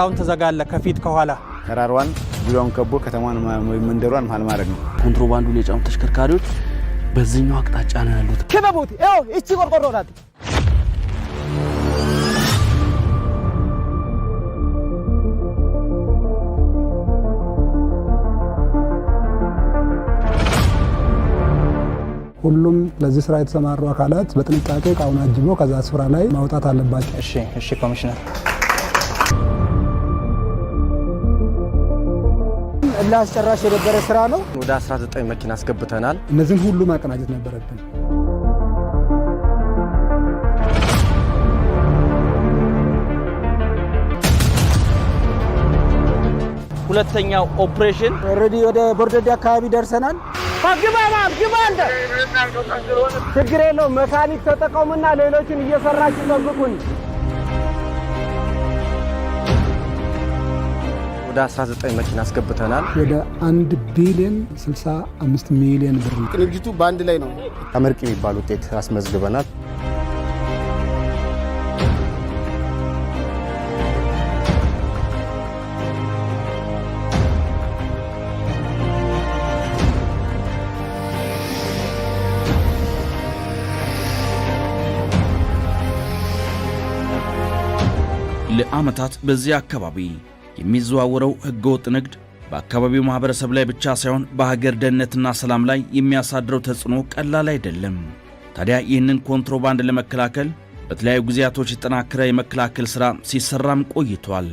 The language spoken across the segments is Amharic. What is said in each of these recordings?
ዱላውን ትዘጋለ ከፊት ከኋላ ተራሯን ዙሪያውን ከቦ ከተማን መንደሯን መሀል ማድረግ ነው። ኮንትሮባንዱን የጫኑ ተሽከርካሪዎች በዚህኛው አቅጣጫ ነው ያሉት። ክበቡት። ይኸው እቺ ቆርቆሮ ናት። ሁሉም ለዚህ ስራ የተሰማሩ አካላት በጥንቃቄ እቃውን አጅቦ ከዛ ስፍራ ላይ ማውጣት አለባቸው። እሺ፣ እሺ ኮሚሽነር ዱላ አስጨራሽ የነበረ ስራ ነው። ወደ 19 መኪና አስገብተናል። እነዚህም ሁሉ ማቀናጀት ነበረብን። ሁለተኛው ኦፕሬሽን ኦልሬዲ ወደ ቦርደዴ አካባቢ ደርሰናል። ችግር የለው መካኒክ ተጠቀሙና ሌሎችን እየሰራችሁ ጠብቁን። ወደ 19 መኪና አስገብተናል። ወደ 1 ቢሊዮን 65 ሚሊዮን ብር ቅንጅቱ በአንድ ላይ ነው። አመርቂ የሚባል ውጤት አስመዝግበናል። ለዓመታት በዚያ አካባቢ የሚዘዋወረው ህገወጥ ንግድ በአካባቢው ማኅበረሰብ ላይ ብቻ ሳይሆን በሀገር ደህንነትና ሰላም ላይ የሚያሳድረው ተጽዕኖ ቀላል አይደለም። ታዲያ ይህንን ኮንትሮባንድ ለመከላከል በተለያዩ ጊዜያቶች የጠናከረ የመከላከል ሥራ ሲሰራም ቆይቷል።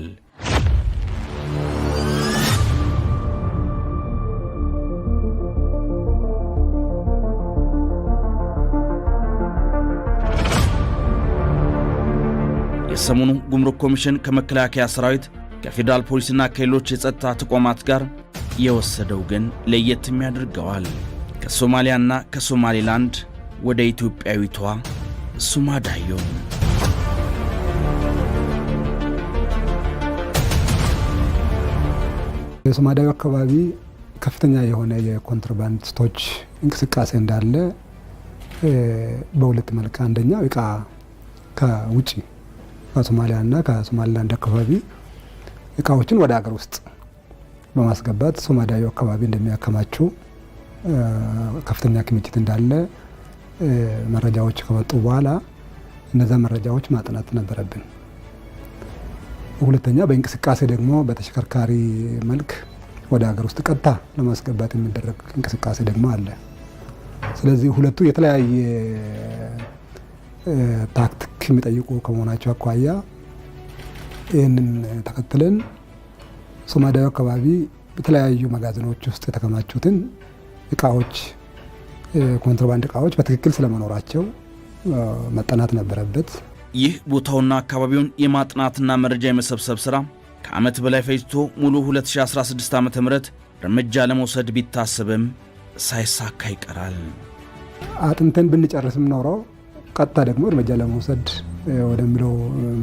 የሰሞኑ ጉምሩክ ኮሚሽን ከመከላከያ ሰራዊት ከፌዴራል ፖሊስና ከሌሎች የጸጥታ ተቋማት ጋር የወሰደው ግን ለየትም ያደርገዋል። ከሶማሊያና ከሶማሌላንድ ወደ ኢትዮጵያዊቷ ሱማዳዮ የሶማዳዮ አካባቢ ከፍተኛ የሆነ የኮንትሮባንዲስቶች እንቅስቃሴ እንዳለ በሁለት መልክ፣ አንደኛው እቃ ከውጭ ከሶማሊያና ከሶማሊላንድ አካባቢ እቃዎችን ወደ ሀገር ውስጥ በማስገባት ሶማዳዩ አካባቢ እንደሚያከማቸው ከፍተኛ ክምችት እንዳለ መረጃዎች ከመጡ በኋላ እነዛ መረጃዎች ማጥናት ነበረብን። ሁለተኛ በእንቅስቃሴ ደግሞ በተሽከርካሪ መልክ ወደ ሀገር ውስጥ ቀጥታ ለማስገባት የሚደረግ እንቅስቃሴ ደግሞ አለ። ስለዚህ ሁለቱ የተለያየ ታክቲክ የሚጠይቁ ከመሆናቸው አኳያ ይህንን ተከትለን ሶማሊያዊ አካባቢ በተለያዩ መጋዘኖች ውስጥ የተከማቹትን እቃዎች ኮንትሮባንድ እቃዎች በትክክል ስለመኖራቸው መጠናት ነበረበት። ይህ ቦታውና አካባቢውን የማጥናትና መረጃ የመሰብሰብ ስራ ከዓመት በላይ ፈጅቶ ሙሉ 2016 ዓ ም እርምጃ ለመውሰድ ቢታሰብም ሳይሳካ ይቀራል። አጥንተን ብንጨርስም ኖሮ ቀጥታ ደግሞ እርምጃ ለመውሰድ ወደሚለው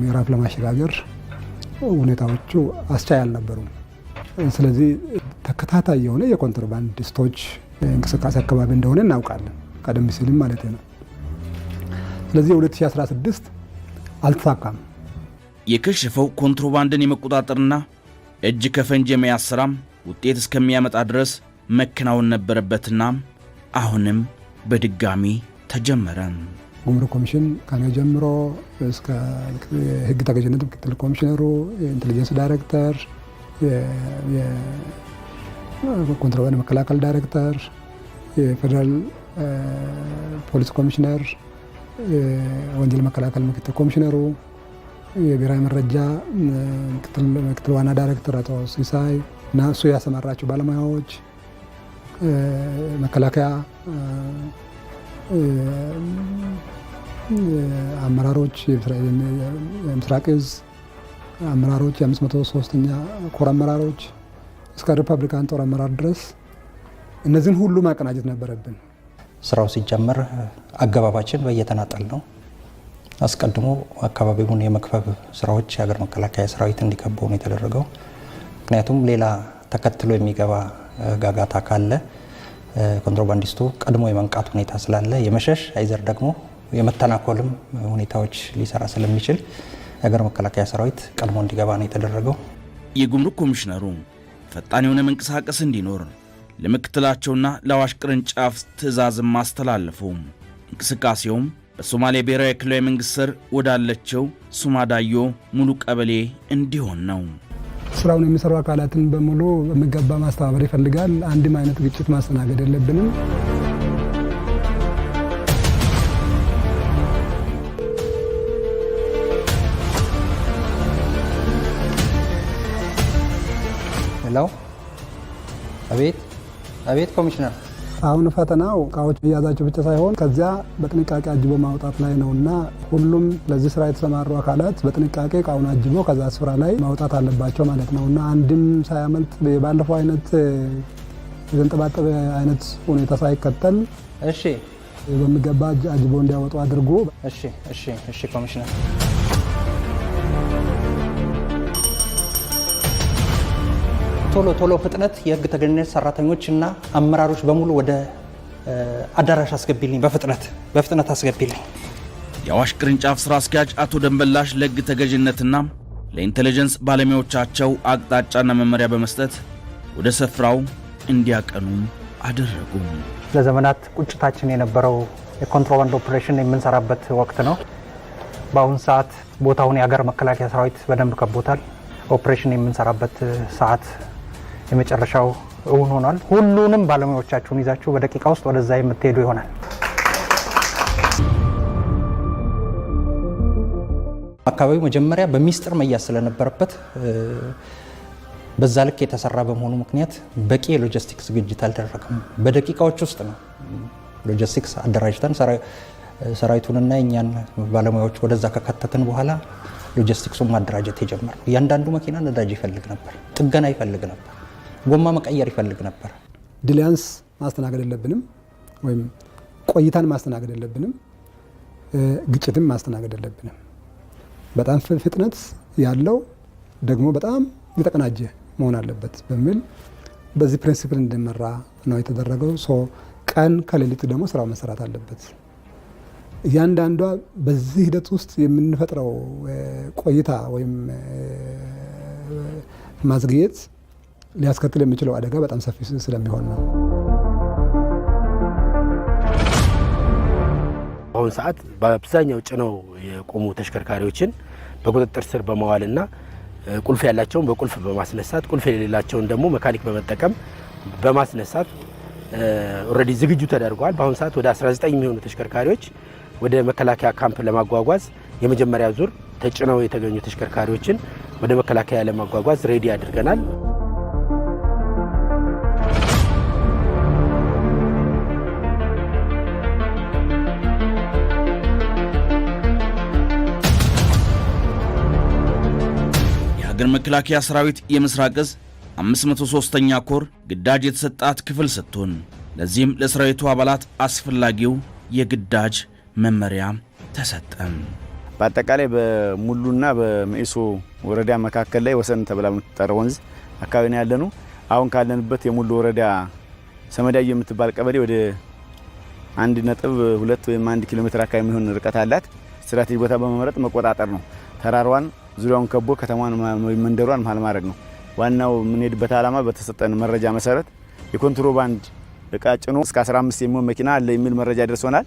ምዕራፍ ለማሸጋገር ሁኔታዎቹ አስቻይ አልነበሩም። ስለዚህ ተከታታይ የሆነ የኮንትሮባንዲስቶች እንቅስቃሴ አካባቢ እንደሆነ እናውቃለን፣ ቀደም ሲልም ማለት ነው። ስለዚህ 2016 አልተሳካም። የከሸፈው ኮንትሮባንድን የመቆጣጠርና እጅ ከፈንጅ የመያዝ ስራም ውጤት እስከሚያመጣ ድረስ መከናወን ነበረበትና አሁንም በድጋሚ ተጀመረም። ጉምሩክ ኮሚሽን ከኔ ጀምሮ እስከ ህግ ተገዥነት ምክትል ኮሚሽነሩ፣ የኢንቴሊጀንስ ዳይሬክተር፣ የኮንትሮባንድ መከላከል ዳይሬክተር፣ የፌዴራል ፖሊስ ኮሚሽነር፣ የወንጀል መከላከል ምክትል ኮሚሽነሩ፣ የብሔራዊ መረጃ ምክትል ዋና ዳይሬክተር አቶ ሲሳይ እና እሱ ያሰማራቸው ባለሙያዎች መከላከያ አመራሮች የምስራቅ እዝ አመራሮች የ 53 ኛ ኮር አመራሮች እስከ ሪፐብሊካን ጦር አመራር ድረስ እነዚህን ሁሉ ማቀናጀት ነበረብን። ስራው ሲጀመር አገባባችን በየተናጠል ነው። አስቀድሞ አካባቢውን የመክበብ ስራዎች የሀገር መከላከያ ሰራዊት እንዲከበው ነው የተደረገው። ምክንያቱም ሌላ ተከትሎ የሚገባ ጋጋታ ካለ ኮንትሮባንዲስቱ ቀድሞ የመንቃት ሁኔታ ስላለ የመሸሽ አይዘር ደግሞ የመተናኮልም ሁኔታዎች ሊሰራ ስለሚችል የሀገር መከላከያ ሰራዊት ቀድሞ እንዲገባ ነው የተደረገው። የጉምሩክ ኮሚሽነሩ ፈጣን የሆነ መንቀሳቀስ እንዲኖር ለምክትላቸውና ለአዋሽ ቅርንጫፍ ትዕዛዝም ማስተላለፉ እንቅስቃሴውም በሶማሌ ብሔራዊ ክልላዊ መንግሥት ስር ወዳለችው ሱማዳዮ ሙሉ ቀበሌ እንዲሆን ነው። ስራውን የሚሰሩ አካላትን በሙሉ በሚገባ ማስተባበር ይፈልጋል። አንድም አይነት ግጭት ማስተናገድ የለብንም። ሄሎ፣ አቤት፣ አቤት ኮሚሽነር አሁን ፈተናው እቃዎች መያዛቸው ብቻ ሳይሆን ከዚያ በጥንቃቄ አጅቦ ማውጣት ላይ ነው እና ሁሉም ለዚህ ስራ የተሰማሩ አካላት በጥንቃቄ እቃውን አጅቦ ከዛ ስፍራ ላይ ማውጣት አለባቸው ማለት ነው እና አንድም ሳያመልጥ ባለፈው አይነት የተንጠባጠበ አይነት ሁኔታ ሳይከተል እሺ በሚገባ አጅቦ እንዲያወጡ አድርጎ እሺ እሺ እሺ ኮሚሽነር ቶሎ ቶሎ ፍጥነት የህግ ተገዥነት ሰራተኞች እና አመራሮች በሙሉ ወደ አዳራሽ አስገቢልኝ፣ በፍጥነት በፍጥነት አስገቢልኝ። የአዋሽ ቅርንጫፍ ስራ አስኪያጅ አቶ ደንበላሽ ለህግ ተገዥነትና ለኢንቴሊጀንስ ባለሙያዎቻቸው አቅጣጫና መመሪያ በመስጠት ወደ ስፍራው እንዲያቀኑ አደረጉ ለዘመናት ቁጭታችን የነበረው የኮንትሮባንድ ኦፕሬሽን የምንሰራበት ወቅት ነው። በአሁን ሰዓት ቦታውን የአገር መከላከያ ሰራዊት በደንብ ከቦታል። ኦፕሬሽን የምንሰራበት ሰዓት የመጨረሻው እውን ሆኗል። ሁሉንም ባለሙያዎቻችሁን ይዛችሁ በደቂቃ ውስጥ ወደዛ የምትሄዱ ይሆናል። አካባቢው መጀመሪያ በሚስጥር መያዝ ስለነበረበት በዛ ልክ የተሰራ በመሆኑ ምክንያት በቂ የሎጂስቲክስ ዝግጅት አልደረግም። በደቂቃዎች ውስጥ ነው ሎጂስቲክስ አደራጅተን ሰራዊቱንና የእኛን ባለሙያዎች ወደዛ ከከተትን በኋላ ሎጂስቲክሱን ማደራጀት የጀመረው። እያንዳንዱ መኪና ነዳጅ ይፈልግ ነበር፣ ጥገና ይፈልግ ነበር። ጎማ መቀየር ይፈልግ ነበር። ድሊያንስ ማስተናገድ የለብንም ወይም ቆይታን ማስተናገድ የለብንም፣ ግጭትም ማስተናገድ የለብንም። በጣም ፍጥነት ያለው ደግሞ በጣም የተቀናጀ መሆን አለበት በሚል በዚህ ፕሪንሲፕል እንዲመራ ነው የተደረገው። ቀን ከሌሊት ደግሞ ስራው መሰራት አለበት። እያንዳንዷ በዚህ ሂደት ውስጥ የምንፈጥረው ቆይታ ወይም ማዝግየት ሊያስከትል የሚችለው አደጋ በጣም ሰፊ ስለሚሆን ነው። በአሁኑ ሰዓት በአብዛኛው ጭነው የቆሙ ተሽከርካሪዎችን በቁጥጥር ስር በመዋልና ቁልፍ ያላቸውን በቁልፍ በማስነሳት ቁልፍ የሌላቸውን ደግሞ መካኒክ በመጠቀም በማስነሳት ኦልሬዲ ዝግጁ ተደርገዋል። በአሁኑ ሰዓት ወደ 19 የሚሆኑ ተሽከርካሪዎች ወደ መከላከያ ካምፕ ለማጓጓዝ የመጀመሪያ ዙር ተጭነው የተገኙ ተሽከርካሪዎችን ወደ መከላከያ ለማጓጓዝ ሬዲ አድርገናል። የሀገር መከላከያ ሰራዊት የምስራቅ እዝ 503ኛ ኮር ግዳጅ የተሰጣት ክፍል ስትሆን ለዚህም ለሰራዊቱ አባላት አስፈላጊው የግዳጅ መመሪያ ተሰጠም። በአጠቃላይ በሙሉና በመኢሶ ወረዳ መካከል ላይ ወሰን ተብላ የምትጠራ ወንዝ አካባቢ ነው አሁን ካለንበት የሙሉ ወረዳ ሰመዳይ የምትባል ቀበሌ ወደ አንድ ነጥብ ሁለት ወይም አንድ ኪሎ ሜትር አካባቢ የሚሆን ርቀት አላት። ስትራቴጂ ቦታ በመምረጥ መቆጣጠር ነው ተራሯን ዙሪያውን ከቦ ከተማን መንደሯን መሀል ማድረግ ነው። ዋናው የምንሄድበት ዓላማ በተሰጠን መረጃ መሰረት የኮንትሮባንድ እቃ ጭኖ እስከ 15 የሚሆን መኪና አለ የሚል መረጃ ደርሶናል።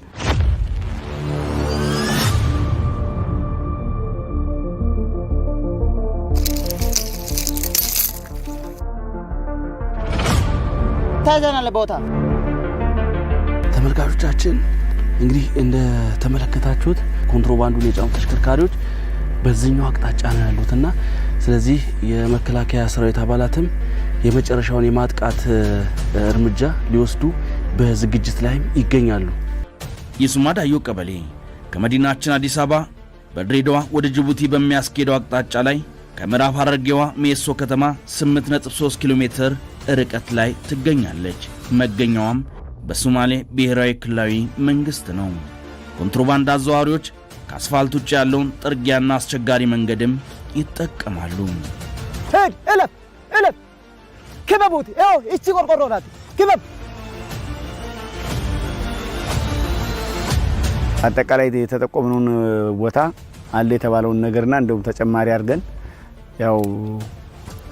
ታዘናለ ቦታ ተመልካቾቻችን እንግዲህ ተመለከታችሁት ኮንትሮባንዱን የጫኑ ተሽከርካሪዎች በዚህኛው አቅጣጫ ነው ያሉትና ስለዚህ የመከላከያ ሰራዊት አባላትም የመጨረሻውን የማጥቃት እርምጃ ሊወስዱ በዝግጅት ላይም ይገኛሉ። የሱማዳዮ ቀበሌ ከመዲናችን አዲስ አበባ በድሬዳዋ ወደ ጅቡቲ በሚያስኬደው አቅጣጫ ላይ ከምዕራብ ሐረርጌዋ ሜሶ ከተማ 8.3 ኪሎ ሜትር ርቀት ላይ ትገኛለች። መገኛዋም በሶማሌ ብሔራዊ ክልላዊ መንግሥት ነው። ኮንትሮባንድ አዘዋዋሪዎች ከአስፋልት ውጭ ያለውን ጥርጊያና አስቸጋሪ መንገድም ይጠቀማሉ። ሄድ እለፍ እለፍ ክበቡት ቆርቆሮ ናት ክበብ። አጠቃላይ የተጠቆምነውን ቦታ አለ የተባለውን ነገርና እንደውም ተጨማሪ አድርገን ያው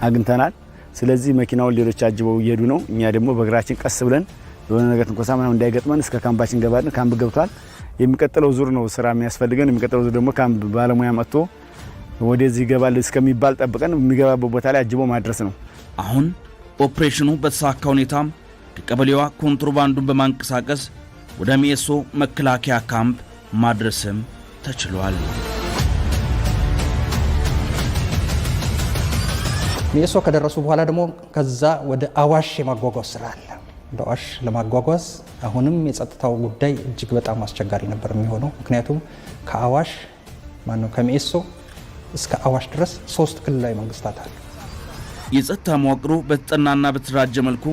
አግኝተናል። ስለዚህ መኪናውን ሌሎች አጅበው እየሄዱ ነው። እኛ ደግሞ በእግራችን ቀስ ብለን የሆነ ነገር ትንኮሳ ምናምን እንዳይገጥመን እስከ ካምባችን ገባን። ካምብ ገብቷል። የሚቀጥለው ዙር ነው ስራ የሚያስፈልገን። የሚቀጥለው ዙር ደግሞ ካምፕ ባለሙያ መጥቶ ወደዚህ ይገባል እስከሚባል ጠብቀን የሚገባበት ቦታ ላይ አጅቦ ማድረስ ነው። አሁን ኦፕሬሽኑ በተሳካ ሁኔታ ከቀበሌዋ ኮንትሮባንዱን በማንቀሳቀስ ወደ ሜሶ መከላከያ ካምፕ ማድረስም ተችሏል። ሚኤሶ ከደረሱ በኋላ ደግሞ ከዛ ወደ አዋሽ የማጓጓዝ ስራ አለ። ዳዋሽ ለማጓጓዝ አሁንም የጸጥታው ጉዳይ እጅግ በጣም አስቸጋሪ ነበር የሚሆነው። ምክንያቱም ከአዋሽ ማነው ከሚኤሶ እስከ አዋሽ ድረስ ሶስት ክልላዊ መንግስታት አሉ። የጸጥታ መዋቅሩ በተጠናና በተደራጀ መልኩ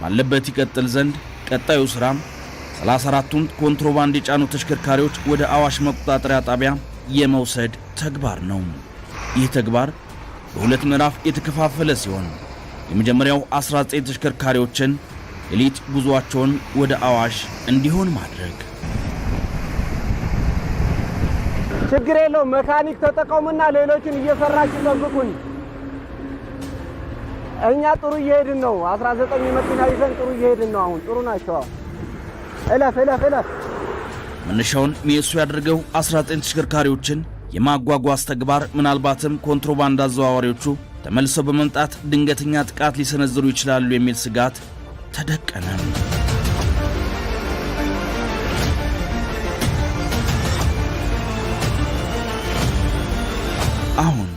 ባለበት ይቀጥል ዘንድ ቀጣዩ ስራም 34ቱን ኮንትሮባንድ የጫኑ ተሽከርካሪዎች ወደ አዋሽ መቆጣጠሪያ ጣቢያ የመውሰድ ተግባር ነው። ይህ ተግባር በሁለት ምዕራፍ የተከፋፈለ ሲሆን የመጀመሪያው 19 ተሽከርካሪዎችን ሌሊት ጉዞአቸውን ወደ አዋሽ እንዲሆን ማድረግ ችግር የለው። መካኒክ ተጠቀሙና ሌሎችን እየሰራችሁ ጠብቁን። እኛ ጥሩ እየሄድን ነው። 19 መኪና ይዘን ጥሩ እየሄድን ነው። አሁን ጥሩ ናቸው። እለፍ እለፍ እለፍ። መነሻውን ሜሱ ያደርገው 19 ተሽከርካሪዎችን የማጓጓዝ ተግባር ምናልባትም ኮንትሮባንድ አዘዋዋሪዎቹ ተመልሰው በመምጣት ድንገተኛ ጥቃት ሊሰነዝሩ ይችላሉ የሚል ስጋት ተደቀነም። አሁን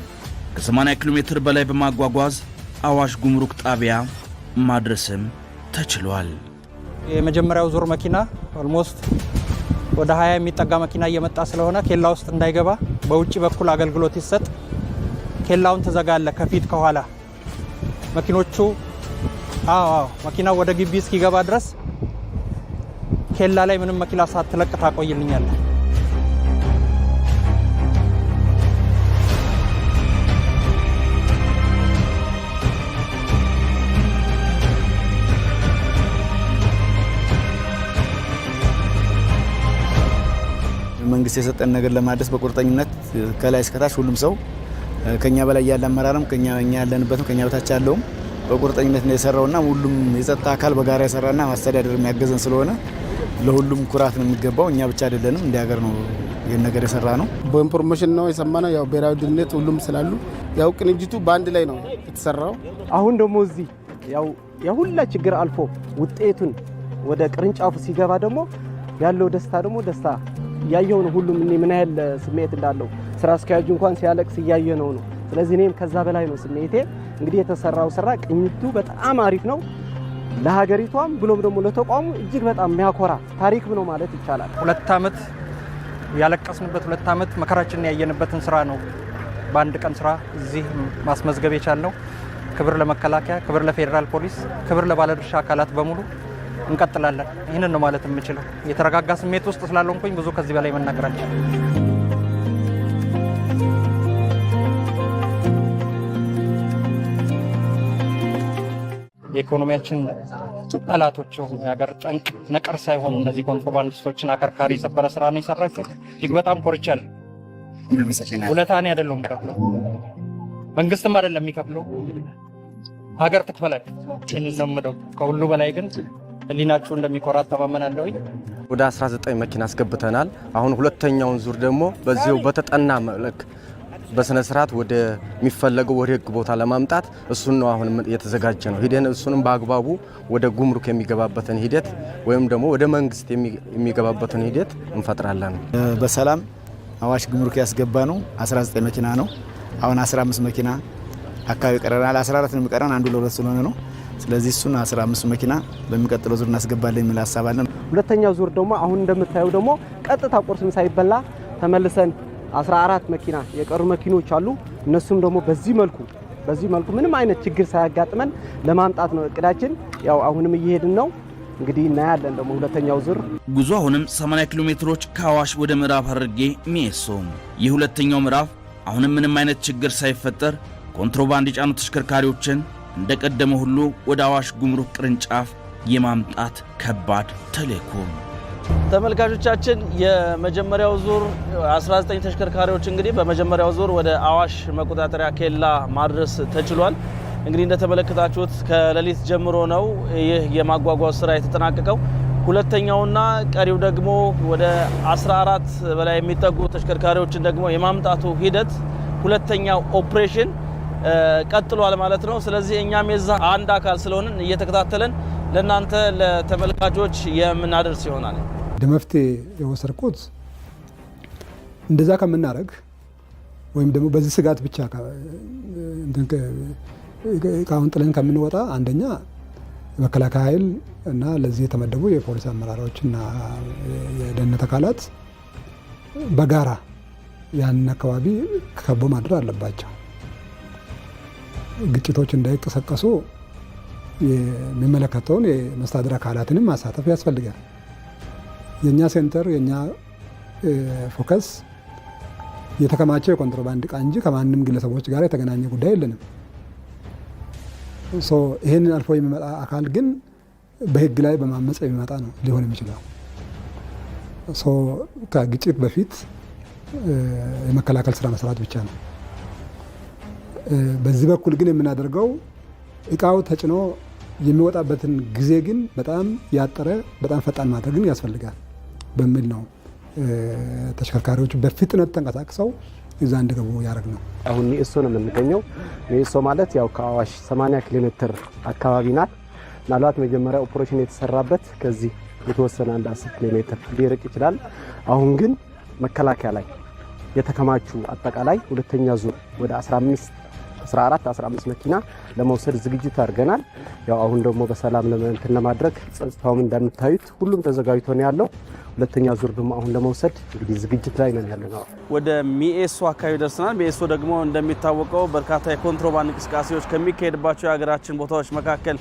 ከ80 ኪሎ ሜትር በላይ በማጓጓዝ አዋሽ ጉምሩክ ጣቢያ ማድረስም ተችሏል። የመጀመሪያው ዙር መኪና ኦልሞስት ወደ 20 የሚጠጋ መኪና እየመጣ ስለሆነ ኬላ ውስጥ እንዳይገባ በውጭ በኩል አገልግሎት ይሰጥ። ኬላውን ትዘጋለ ከፊት ከኋላ መኪኖቹ አዎ መኪናው ወደ ግቢ እስኪገባ ድረስ ኬላ ላይ ምንም መኪና ሳትለቅ ታቆይልኛለህ። መንግስት የሰጠን ነገር ለማድረስ በቁርጠኝነት ከላይ እስከታች ሁሉም ሰው ከኛ በላይ ያለ አመራርም ከኛ ያለንበትም ከኛ በታች ያለውም በቁርጠኝነት ነው የሰራውና ሁሉም የጸጥታ አካል በጋራ የሰራና ማስተዳደር የሚያገዘን ስለሆነ ለሁሉም ኩራት ነው የሚገባው። እኛ ብቻ አይደለንም፣ እንዲ ሀገር ነው ይህን ነገር የሰራ ነው። በኢንፎርሜሽን ነው ነው። ያው ብሔራዊ ደህንነት ሁሉም ስላሉ ያው ቅንጅቱ በአንድ ላይ ነው የተሰራው። አሁን ደግሞ እዚህ ያው የሁላ ችግር አልፎ ውጤቱን ወደ ቅርንጫፉ ሲገባ ደግሞ ያለው ደስታ ደግሞ ደስታ እያየው ነው። ሁሉም ምን ያህል ስሜት እንዳለው ስራ አስኪያጁ እንኳን ሲያለቅስ እያየ ነው ነው። ስለዚህ እኔም ከዛ በላይ ነው ስሜቴ። እንግዲህ የተሰራው ስራ ቅኝቱ በጣም አሪፍ ነው። ለሀገሪቷም ብሎም ደግሞ ለተቋሙ እጅግ በጣም የሚያኮራ ታሪክ ነው ማለት ይቻላል። ሁለት ዓመት ያለቀስንበት ሁለት ዓመት መከራችንን ያየንበትን ስራ ነው በአንድ ቀን ስራ እዚህ ማስመዝገብ የቻልነው። ክብር ለመከላከያ፣ ክብር ለፌዴራል ፖሊስ፣ ክብር ለባለድርሻ አካላት በሙሉ። እንቀጥላለን። ይህንን ነው ማለት የምችለው። የተረጋጋ ስሜት ውስጥ ስላለሆንኩኝ ብዙ ከዚህ በላይ መናገራችን የኢኮኖሚያችን ጠላቶች የሆኑ የሀገር ጠንቅ ነቀር ሳይሆኑ እነዚህ ኮንትሮባንዲስቶችን አከርካሪ የሰበረ ስራ ነው የሰራቸው። እጅግ በጣም ኮርቻል። ውለታኔ አይደለም ከፍለው መንግስትም አይደለም የሚከፍለው ሀገር ትክፈላል እንለምደው። ከሁሉ በላይ ግን ህሊናችሁ እንደሚኮራ ተማመናለሁ። ወደ 19 መኪና አስገብተናል። አሁን ሁለተኛውን ዙር ደግሞ በዚሁ በተጠና መልክ በስነ ስርዓት ወደሚፈለገው ወደ ህግ ቦታ ለማምጣት እሱን ነው አሁን የተዘጋጀ ነው ሂደን እሱንም በአግባቡ ወደ ጉምሩክ የሚገባበትን ሂደት ወይም ደግሞ ወደ መንግስት የሚገባበትን ሂደት እንፈጥራለን። በሰላም አዋሽ ጉምሩክ ያስገባ ነው 19 መኪና ነው። አሁን 15 መኪና አካባቢ ቀረናል። 14 ነው የሚቀረን አንዱ ለሁለት ስለሆነ ነው። ስለዚህ እሱን 15 መኪና በሚቀጥለው ዙር እናስገባለን የሚል ሀሳብ አለን። ሁለተኛው ዙር ደግሞ አሁን እንደምታየው ደግሞ ቀጥታ ቁርስም ሳይበላ ተመልሰን 14 መኪና የቀሩ መኪኖች አሉ። እነሱም ደግሞ በዚህ መልኩ በዚህ መልኩ ምንም አይነት ችግር ሳያጋጥመን ለማምጣት ነው እቅዳችን። ያው አሁንም እየሄድን ነው እንግዲህ እናያለን። ደግሞ ሁለተኛው ዙር ጉዞ አሁንም 80 ኪሎ ሜትሮች ከአዋሽ ወደ ምዕራብ ሐረርጌ ሚኤሶ። ይህ ሁለተኛው ምዕራፍ አሁንም ምንም አይነት ችግር ሳይፈጠር ኮንትሮባንድ የጫኑ ተሽከርካሪዎችን እንደቀደመ ሁሉ ወደ አዋሽ ጉምሩክ ቅርንጫፍ የማምጣት ከባድ ተልዕኮ ተመልካቾቻችን የመጀመሪያው ዙር 19 ተሽከርካሪዎች እንግዲህ በመጀመሪያው ዙር ወደ አዋሽ መቆጣጠሪያ ኬላ ማድረስ ተችሏል። እንግዲህ እንደተመለከታችሁት ከሌሊት ጀምሮ ነው ይህ የማጓጓዝ ስራ የተጠናቀቀው። ሁለተኛውና ቀሪው ደግሞ ወደ 14 በላይ የሚጠጉ ተሽከርካሪዎችን ደግሞ የማምጣቱ ሂደት ሁለተኛው ኦፕሬሽን ቀጥሏል ማለት ነው። ስለዚህ እኛም የዛ አንድ አካል ስለሆንን እየተከታተለን ለእናንተ ለተመልካቾች የምናደርስ ይሆናል። ወደ መፍትሄ የወሰድኩት እንደዛ ከምናደርግ ወይም ደግሞ በዚህ ስጋት ብቻ እቃውን ጥለን ከምንወጣ አንደኛ የመከላከያ ኃይል እና ለዚህ የተመደቡ የፖሊስ አመራሮች እና የደህንነት አካላት በጋራ ያንን አካባቢ ከቦ ማድረግ አለባቸው። ግጭቶች እንዳይቀሰቀሱ የሚመለከተውን የመስተዳድር አካላትንም ማሳተፍ ያስፈልጋል። የእኛ ሴንተር የእኛ ፎከስ የተከማቸው የኮንትሮባንድ እቃ እንጂ ከማንም ግለሰቦች ጋር የተገናኘ ጉዳይ የለንም። ይህንን አልፎ የሚመጣ አካል ግን በህግ ላይ በማመፅ የሚመጣ ነው ሊሆን የሚችለው። ከግጭት በፊት የመከላከል ስራ መስራት ብቻ ነው። በዚህ በኩል ግን የምናደርገው እቃው ተጭኖ የሚወጣበትን ጊዜ ግን በጣም ያጠረ በጣም ፈጣን ማድረግን ያስፈልጋል። በሚል ነው ተሽከርካሪዎች በፍጥነት ተንቀሳቅሰው እዛ እንዲገቡ ያደረግ ነው። አሁን ሚእሶ ነው የምንገኘው። ሚእሶ ማለት ያው ከአዋሽ 80 ኪሎ ሜትር አካባቢ ናት። ምናልባት መጀመሪያ ኦፕሬሽን የተሰራበት ከዚህ የተወሰነ አንድ 10 ኪሎ ሜትር ሊርቅ ይችላል። አሁን ግን መከላከያ ላይ የተከማቹ አጠቃላይ ሁለተኛ ዙር ወደ 15 14 15 መኪና ለመውሰድ ዝግጅት አድርገናል። ያው አሁን ደግሞ በሰላም ለመንትን ለማድረግ ጸጥታውም እንደምታዩት ሁሉም ተዘጋጅቶ ነው ያለው። ሁለተኛ ዙር ደግሞ አሁን ለመውሰድ እንግዲህ ዝግጅት ላይ ነን ነው። ወደ ሚኤሶ አካባቢ ደርሰናል። ሚኤሶ ደግሞ እንደሚታወቀው በርካታ የኮንትሮባንድ እንቅስቃሴዎች ከሚካሄድባቸው የሀገራችን ቦታዎች መካከል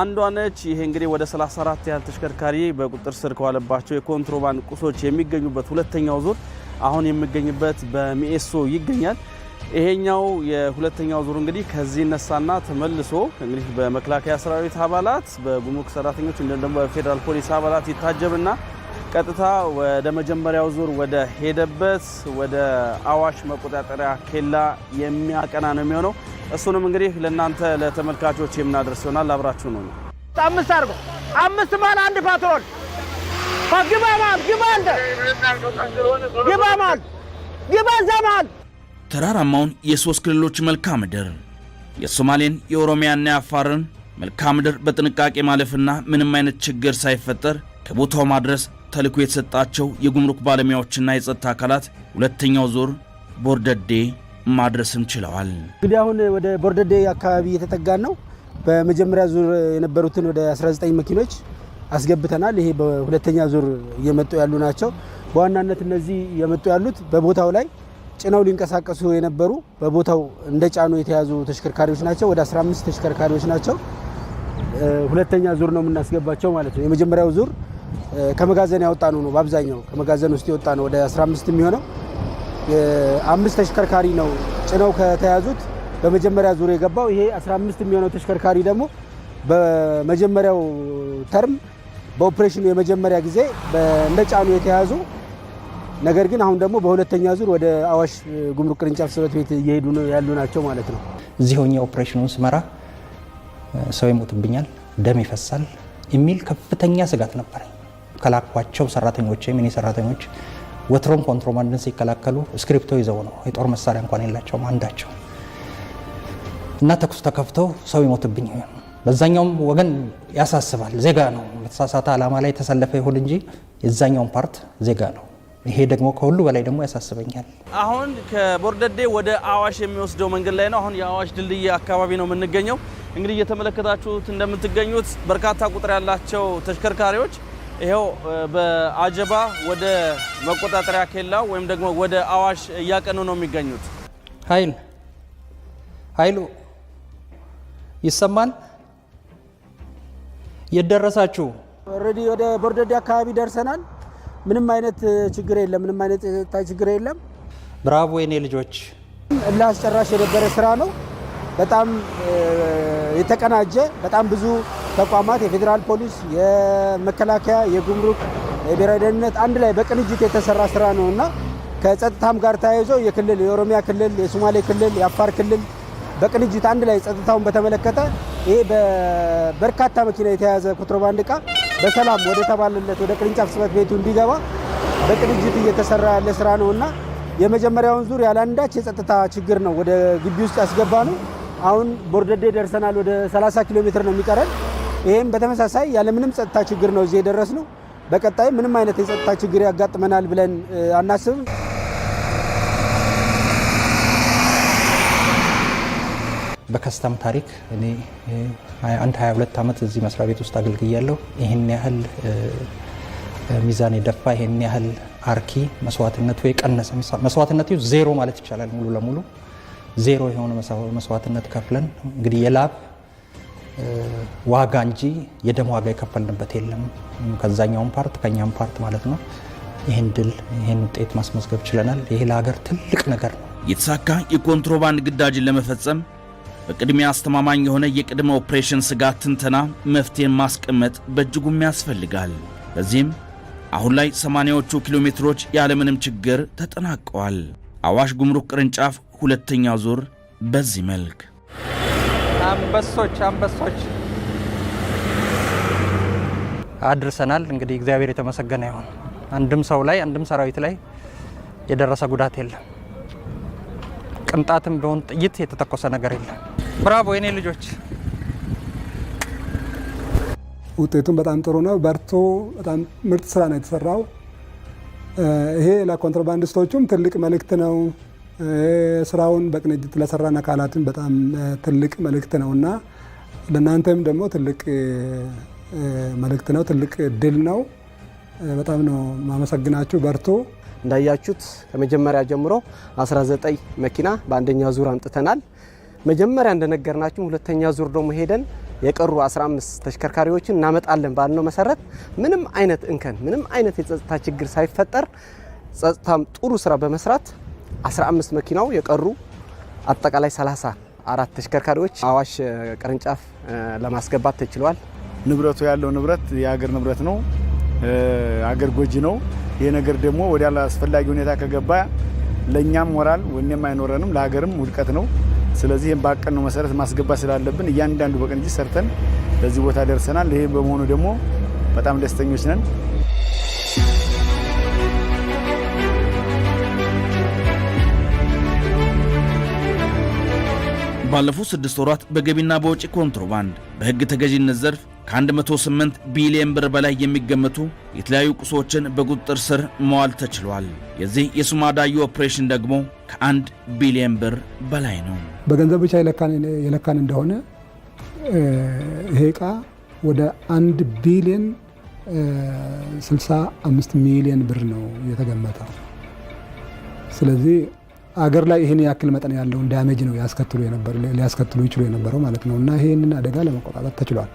አንዷ ነች። ይህ እንግዲህ ወደ 34 ያህል ተሽከርካሪ በቁጥር ስር ከዋለባቸው የኮንትሮባንድ ቁሶች የሚገኙበት ሁለተኛው ዙር አሁን የሚገኝበት በሚኤሶ ይገኛል። ይሄኛው የሁለተኛው ዙር እንግዲህ ከዚህ እነሳና ተመልሶ እንግዲህ በመከላከያ ሰራዊት አባላት፣ በጉሙክ ሰራተኞች እንዲሁም ደግሞ በፌዴራል ፖሊስ አባላት ይታጀብና ቀጥታ ወደ መጀመሪያው ዙር ወደ ሄደበት ወደ አዋሽ መቆጣጠሪያ ኬላ የሚያቀና ነው የሚሆነው። እሱንም እንግዲህ ለእናንተ ለተመልካቾች የምናደርስ ይሆናል። አብራችሁ ነው። አምስት አርጎ አምስት ማል አንድ ፓትሮል ግባ ማል ግባ አንተ ግባ ማል ግባ እዛ ማል ተራራማውን የሶስት ክልሎች መልክዓ ምድር የሶማሌን የኦሮሚያና የአፋርን መልክዓ ምድር በጥንቃቄ ማለፍና ምንም አይነት ችግር ሳይፈጠር ከቦታው ማድረስ ተልኮ የተሰጣቸው የጉምሩክ ባለሙያዎችና የጸጥታ አካላት ሁለተኛው ዙር ቦርደዴ ማድረስም ችለዋል። እንግዲህ አሁን ወደ ቦርደዴ አካባቢ እየተጠጋን ነው። በመጀመሪያ ዙር የነበሩትን ወደ 19 መኪኖች አስገብተናል። ይሄ በሁለተኛ ዙር እየመጡ ያሉ ናቸው። በዋናነት እነዚህ እየመጡ ያሉት በቦታው ላይ ጭነው ሊንቀሳቀሱ የነበሩ በቦታው እንደ ጫኑ የተያዙ ተሽከርካሪዎች ናቸው። ወደ 15 ተሽከርካሪዎች ናቸው። ሁለተኛ ዙር ነው የምናስገባቸው ማለት ነው። የመጀመሪያው ዙር ከመጋዘን ያወጣ ነው ነው በአብዛኛው ከመጋዘን ውስጥ የወጣ ነው ወደ 15 የሚሆነው አምስት ተሽከርካሪ ነው ጭነው ከተያዙት በመጀመሪያ ዙር የገባው ይሄ 15 የሚሆነው ተሽከርካሪ ደግሞ በመጀመሪያው ተርም በኦፕሬሽኑ የመጀመሪያ ጊዜ እንደ ጫኑ የተያዙ ነገር ግን አሁን ደግሞ በሁለተኛ ዙር ወደ አዋሽ ጉምሩክ ቅርንጫፍ ጽሕፈት ቤት እየሄዱ ያሉ ናቸው ማለት ነው። እዚህ ሆኜ ኦፕሬሽኑን ስመራ ሰው ይሞትብኛል፣ ደም ይፈሳል የሚል ከፍተኛ ስጋት ነበረኝ። ከላኳቸው ሰራተኞች ወይም እኔ ሰራተኞች ወትሮም ኮንትሮባንድን ሲከላከሉ እስክሪፕቶ ይዘው ነው። የጦር መሳሪያ እንኳን የላቸውም አንዳቸው እና ተኩስ ተከፍተው ሰው ይሞትብኝ በዛኛውም ወገን ያሳስባል። ዜጋ ነው። በተሳሳተ ዓላማ ላይ የተሰለፈ ይሁን እንጂ የዛኛውን ፓርት ዜጋ ነው። ይሄ ደግሞ ከሁሉ በላይ ደግሞ ያሳስበኛል። አሁን ከቦርደዴ ወደ አዋሽ የሚወስደው መንገድ ላይ ነው። አሁን የአዋሽ ድልድይ አካባቢ ነው የምንገኘው። እንግዲህ እየተመለከታችሁት እንደምትገኙት በርካታ ቁጥር ያላቸው ተሽከርካሪዎች ይኸው በአጀባ ወደ መቆጣጠሪያ ኬላው ወይም ደግሞ ወደ አዋሽ እያቀኑ ነው የሚገኙት። ኃይል ኃይሉ ይሰማል። የደረሳችሁ ኦልሬዲ ወደ ቦርደዴ አካባቢ ደርሰናል። ምንም አይነት ችግር የለም። ምንም አይነት የጸጥታ ችግር የለም። ብራቮ የኔ ልጆች! እልህ የነበረ ስራ ነው። በጣም የተቀናጀ በጣም ብዙ ተቋማት የፌዴራል ፖሊስ፣ የመከላከያ፣ የጉምሩክ፣ የብሔራዊ ደህንነት አንድ ላይ በቅንጅት የተሰራ ስራ ነው እና ከጸጥታም ጋር ተያይዞ የክልል የኦሮሚያ ክልል፣ የሶማሌ ክልል፣ የአፋር ክልል በቅንጅት አንድ ላይ ጸጥታውን በተመለከተ ይሄ በበርካታ መኪና የተያዘ ኮንትሮባንድ እቃ በሰላም ወደ ተባለለት ወደ ቅርንጫፍ ጽሕፈት ቤቱ እንዲገባ በቅንጅት እየተሰራ ያለ ስራ ነው እና የመጀመሪያውን ዙር ያለአንዳች የጸጥታ ችግር ነው ወደ ግቢ ውስጥ ያስገባ ነው። አሁን ቦርደዴ ደርሰናል። ወደ 30 ኪሎ ሜትር ነው የሚቀረን። ይህም በተመሳሳይ ያለምንም ጸጥታ ችግር ነው እዚህ ነው። በቀጣይ ምንም አይነት የጸጥታ ችግር ያጋጥመናል ብለን አናስብም። በከስተም ታሪክ እኔ አንድ 22 ዓመት እዚህ መስሪያ ቤት ውስጥ አገልግያለሁ። ይህን ያህል ሚዛን የደፋ ይህን ያህል አርኪ መስዋዕትነቱ የቀነሰ መስዋዕትነቱ ዜሮ ማለት ይቻላል። ሙሉ ለሙሉ ዜሮ የሆነ መስዋዕትነት ከፍለን እንግዲህ የላብ ዋጋ እንጂ የደም ዋጋ የከፈልንበት የለም። ከዛኛውም ፓርት ከኛም ፓርት ማለት ነው። ይህን ድል ይህን ውጤት ማስመዝገብ ችለናል። ይሄ ለሀገር ትልቅ ነገር ነው። የተሳካ የኮንትሮባንድ ግዳጅን ለመፈጸም በቅድሚያ አስተማማኝ የሆነ የቅድመ ኦፕሬሽን ስጋት ትንተና መፍትሄን ማስቀመጥ በእጅጉም ያስፈልጋል። በዚህም አሁን ላይ ሰማንያዎቹ ኪሎ ሜትሮች ያለምንም ችግር ተጠናቀዋል። አዋሽ ጉምሩክ ቅርንጫፍ ሁለተኛ ዙር በዚህ መልክ አንበሶች አንበሶች አድርሰናል። እንግዲህ እግዚአብሔር የተመሰገነ ይሁን። አንድም ሰው ላይ አንድም ሰራዊት ላይ የደረሰ ጉዳት የለም። ቅንጣትም ቢሆን ጥይት የተተኮሰ ነገር የለም። ብራቮ የኔ ልጆች፣ ውጤቱም በጣም ጥሩ ነው። በርቱ። በጣም ምርጥ ስራ ነው የተሰራው። ይሄ ለኮንትሮባንዲስቶቹም ትልቅ መልእክት ነው። ስራውን በቅንጅት ለሰራን አካላትም በጣም ትልቅ መልእክት ነው እና ለእናንተም ደግሞ ትልቅ መልእክት ነው፣ ትልቅ ድል ነው። በጣም ነው ማመሰግናችሁ። በርቱ። እንዳያችሁት ከመጀመሪያ ጀምሮ 19 መኪና በአንደኛ ዙር አምጥተናል። መጀመሪያ እንደነገርናችሁ ሁለተኛ ዙር ደግሞ ሄደን የቀሩ 15 ተሽከርካሪዎችን እናመጣለን ባልነው መሰረት ምንም አይነት እንከን፣ ምንም አይነት የጸጥታ ችግር ሳይፈጠር ጸጥታም ጥሩ ስራ በመስራት 15 መኪናው የቀሩ አጠቃላይ አራት ተሽከርካሪዎች አዋሽ ቅርንጫፍ ለማስገባት ተችሏል። ንብረቱ ያለው ንብረት የሀገር ንብረት ነው። አገር ጎጂ ነው። ይህ ነገር ደግሞ ወደ አስፈላጊ ሁኔታ ከገባ ለእኛም ሞራል ወኔም አይኖረንም፣ ለሀገርም ውድቀት ነው። ስለዚህ ይህም በአቀን ነው መሰረት ማስገባት ስላለብን እያንዳንዱ በቅንጅት ሰርተን ለዚህ ቦታ ደርሰናል። ይህ በመሆኑ ደግሞ በጣም ደስተኞች ነን። ባለፉት ስድስት ወራት በገቢና በወጪ ኮንትሮባንድ፣ በህግ ተገዢነት ዘርፍ ከ108 ቢሊዮን ብር በላይ የሚገመቱ የተለያዩ ቁሶችን በቁጥጥር ስር መዋል ተችሏል። የዚህ የሱማዳዩ ኦፕሬሽን ደግሞ ከአንድ ቢሊዮን ብር በላይ ነው። በገንዘብ ብቻ የለካን እንደሆነ ይሄ ዕቃ ወደ አንድ ቢሊዮን 65 ሚሊዮን ብር ነው የተገመተው። ስለዚህ አገር ላይ ይህን ያክል መጠን ያለውን ዳሜጅ ነው ሊያስከትሉ ይችሉ የነበረው ማለት ነው እና ይህንን አደጋ ለመቆጣጠር ተችሏል።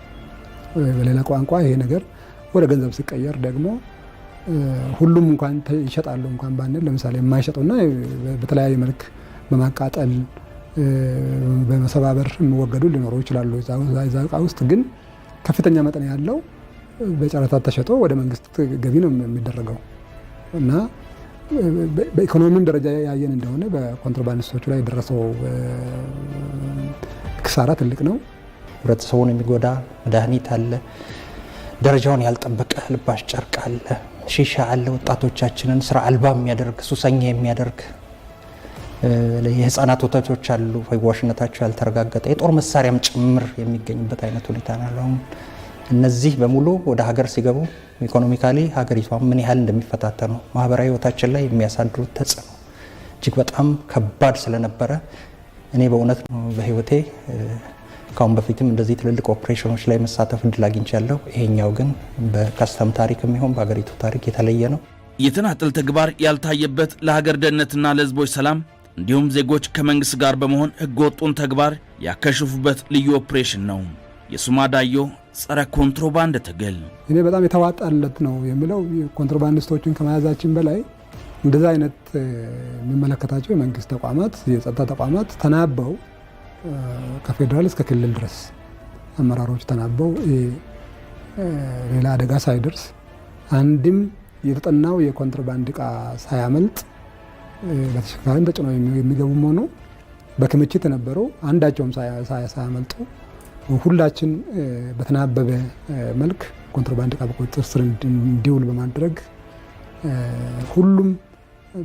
በሌላ ቋንቋ ይሄ ነገር ወደ ገንዘብ ሲቀየር ደግሞ ሁሉም እንኳን ይሸጣሉ እንኳን ባንል ለምሳሌ የማይሸጡና በተለያየ መልክ በማቃጠል በመሰባበር የሚወገዱ ሊኖሩ ይችላሉ። እዛ እቃ ውስጥ ግን ከፍተኛ መጠን ያለው በጨረታ ተሸጦ ወደ መንግስት ገቢ ነው የሚደረገው እና በኢኮኖሚም ደረጃ ያየን እንደሆነ በኮንትሮባንዲስቶቹ ላይ የደረሰው ክሳራ ትልቅ ነው። ህብረተሰቡን የሚጎዳ መድኃኒት አለ፣ ደረጃውን ያልጠበቀ ልባሽ ጨርቅ አለ፣ ሺሻ አለ። ወጣቶቻችንን ስራ አልባ የሚያደርግ ሱሰኛ የሚያደርግ የህፃናት ወተቶች አሉ፣ ፈዋሽነታቸው ያልተረጋገጠ የጦር መሳሪያም ጭምር የሚገኝበት አይነት ሁኔታ ነው። እነዚህ በሙሉ ወደ ሀገር ሲገቡ ኢኮኖሚካሊ ሀገሪቷ ምን ያህል እንደሚፈታተኑ ማህበራዊ ህይወታችን ላይ የሚያሳድሩት ተጽዕኖ እጅግ በጣም ከባድ ስለነበረ እኔ በእውነት በህይወቴ ከአሁን በፊትም እንደዚህ ትልልቅ ኦፕሬሽኖች ላይ መሳተፍ እድል አግኝቻለሁ። ይሄኛው ግን በከስተም ታሪክ የሚሆን በሀገሪቱ ታሪክ የተለየ ነው። የተናጠል ተግባር ያልታየበት ለሀገር ደህንነትና ለህዝቦች ሰላም እንዲሁም ዜጎች ከመንግሥት ጋር በመሆን ህገወጡን ተግባር ያከሽፉበት ልዩ ኦፕሬሽን ነው። የሱማዳዮ ጸረ ኮንትሮባንድ ትግል እኔ በጣም የተዋጣለት ነው የምለው ኮንትሮባንዲስቶችን ከመያዛችን በላይ እንደዛ አይነት የሚመለከታቸው የመንግስት ተቋማት፣ የጸጥታ ተቋማት ተናበው ከፌዴራል እስከ ክልል ድረስ አመራሮች ተናበው ሌላ አደጋ ሳይደርስ አንድም የተጠናው የኮንትሮባንድ እቃ ሳያመልጥ በተሽከርካሪም ተጭኖ የሚገቡ መሆኑ በክምችት የነበረው አንዳቸውም ሳያመልጡ ሁላችን በተናበበ መልክ ኮንትሮባንድ እቃ በቁጥጥር ስር እንዲውል በማድረግ ሁሉም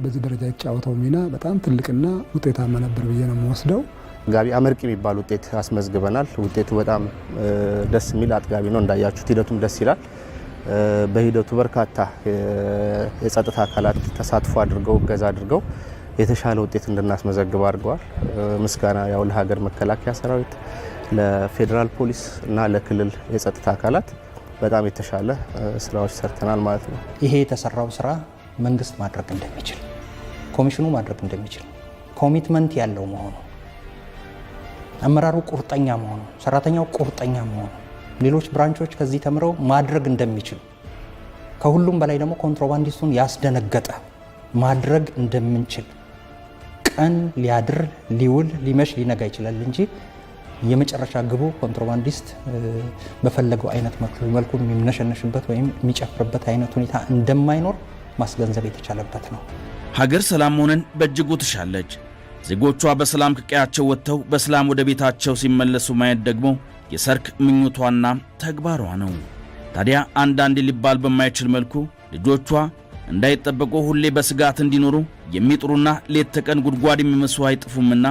በዚህ ደረጃ የተጫወተው ሚና በጣም ትልቅና ውጤታማ ነበር ብዬ ነው የምወስደው። ጋቢ አመርቂ የሚባል ውጤት አስመዝግበናል። ውጤቱ በጣም ደስ የሚል አጥጋቢ ነው እንዳያችሁት፣ ሂደቱም ደስ ይላል። በሂደቱ በርካታ የጸጥታ አካላት ተሳትፎ አድርገው እገዛ አድርገው የተሻለ ውጤት እንድናስመዘግብ አድርገዋል። ምስጋና ያው ለሀገር መከላከያ ሰራዊት፣ ለፌዴራል ፖሊስ እና ለክልል የጸጥታ አካላት በጣም የተሻለ ስራዎች ሰርተናል ማለት ነው። ይሄ የተሰራው ስራ መንግስት ማድረግ እንደሚችል ኮሚሽኑ ማድረግ እንደሚችል ኮሚትመንት ያለው መሆኑ አመራሩ ቁርጠኛ መሆኑ፣ ሰራተኛው ቁርጠኛ መሆኑ፣ ሌሎች ብራንቾች ከዚህ ተምረው ማድረግ እንደሚችል ከሁሉም በላይ ደግሞ ኮንትሮባንዲስቱን ያስደነገጠ ማድረግ እንደምንችል ቀን ሊያድር ሊውል ሊመሽ ሊነጋ ይችላል እንጂ የመጨረሻ ግቡ ኮንትሮባንዲስት በፈለገው አይነት መልኩ የሚነሸነሽበት ወይም የሚጨፍርበት አይነት ሁኔታ እንደማይኖር ማስገንዘብ የተቻለበት ነው። ሀገር ሰላም መሆንን በእጅጉ ትሻለች። ዜጎቿ በሰላም ከቀያቸው ወጥተው በሰላም ወደ ቤታቸው ሲመለሱ ማየት ደግሞ የሰርክ ምኞቷና ተግባሯ ነው። ታዲያ አንዳንድ ሊባል በማይችል መልኩ ልጆቿ እንዳይጠበቁ ሁሌ በስጋት እንዲኖሩ የሚጥሩና ሌት ተቀን ጉድጓድ የሚመስሉ አይጥፉምና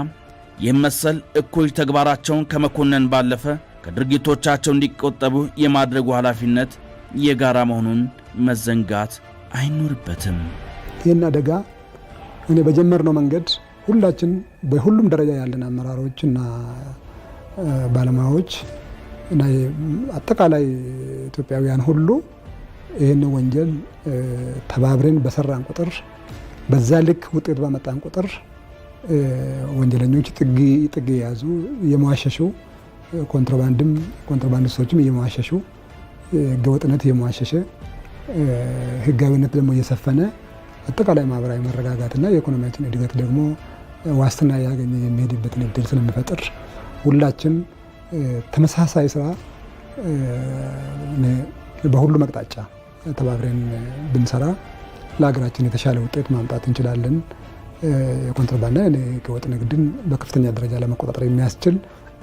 ይህም መሰል እኩይ ተግባራቸውን ከመኮነን ባለፈ ከድርጊቶቻቸው እንዲቆጠቡ የማድረጉ ኃላፊነት የጋራ መሆኑን መዘንጋት አይኖርበትም። ይህን አደጋ እኔ በጀመርነው መንገድ ሁላችን በሁሉም ደረጃ ያለን አመራሮች እና ባለሙያዎች እና አጠቃላይ ኢትዮጵያውያን ሁሉ ይህን ወንጀል ተባብረን በሰራን ቁጥር በዛ ልክ ውጤት ባመጣን ቁጥር ወንጀለኞች ጥግ ጥግ የያዙ የመዋሸሹ ኮንትሮባንድም ኮንትሮባንዲስቶችም እየመዋሸሹ ህገወጥነት እየመዋሸሸ ህጋዊነት ደግሞ እየሰፈነ አጠቃላይ ማህበራዊ መረጋጋትና የኢኮኖሚያችን እድገት ደግሞ ዋስትና ያገኘ የሚሄድበትን እድል ስለሚፈጥር ሁላችን ተመሳሳይ ስራ በሁሉም አቅጣጫ ተባብረን ብንሰራ ለሀገራችን የተሻለ ውጤት ማምጣት እንችላለን። የኮንትሮባንድና የህገወጥ ንግድን በከፍተኛ ደረጃ ለመቆጣጠር የሚያስችል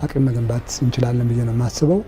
አቅም መገንባት እንችላለን ብዬ ነው የማስበው።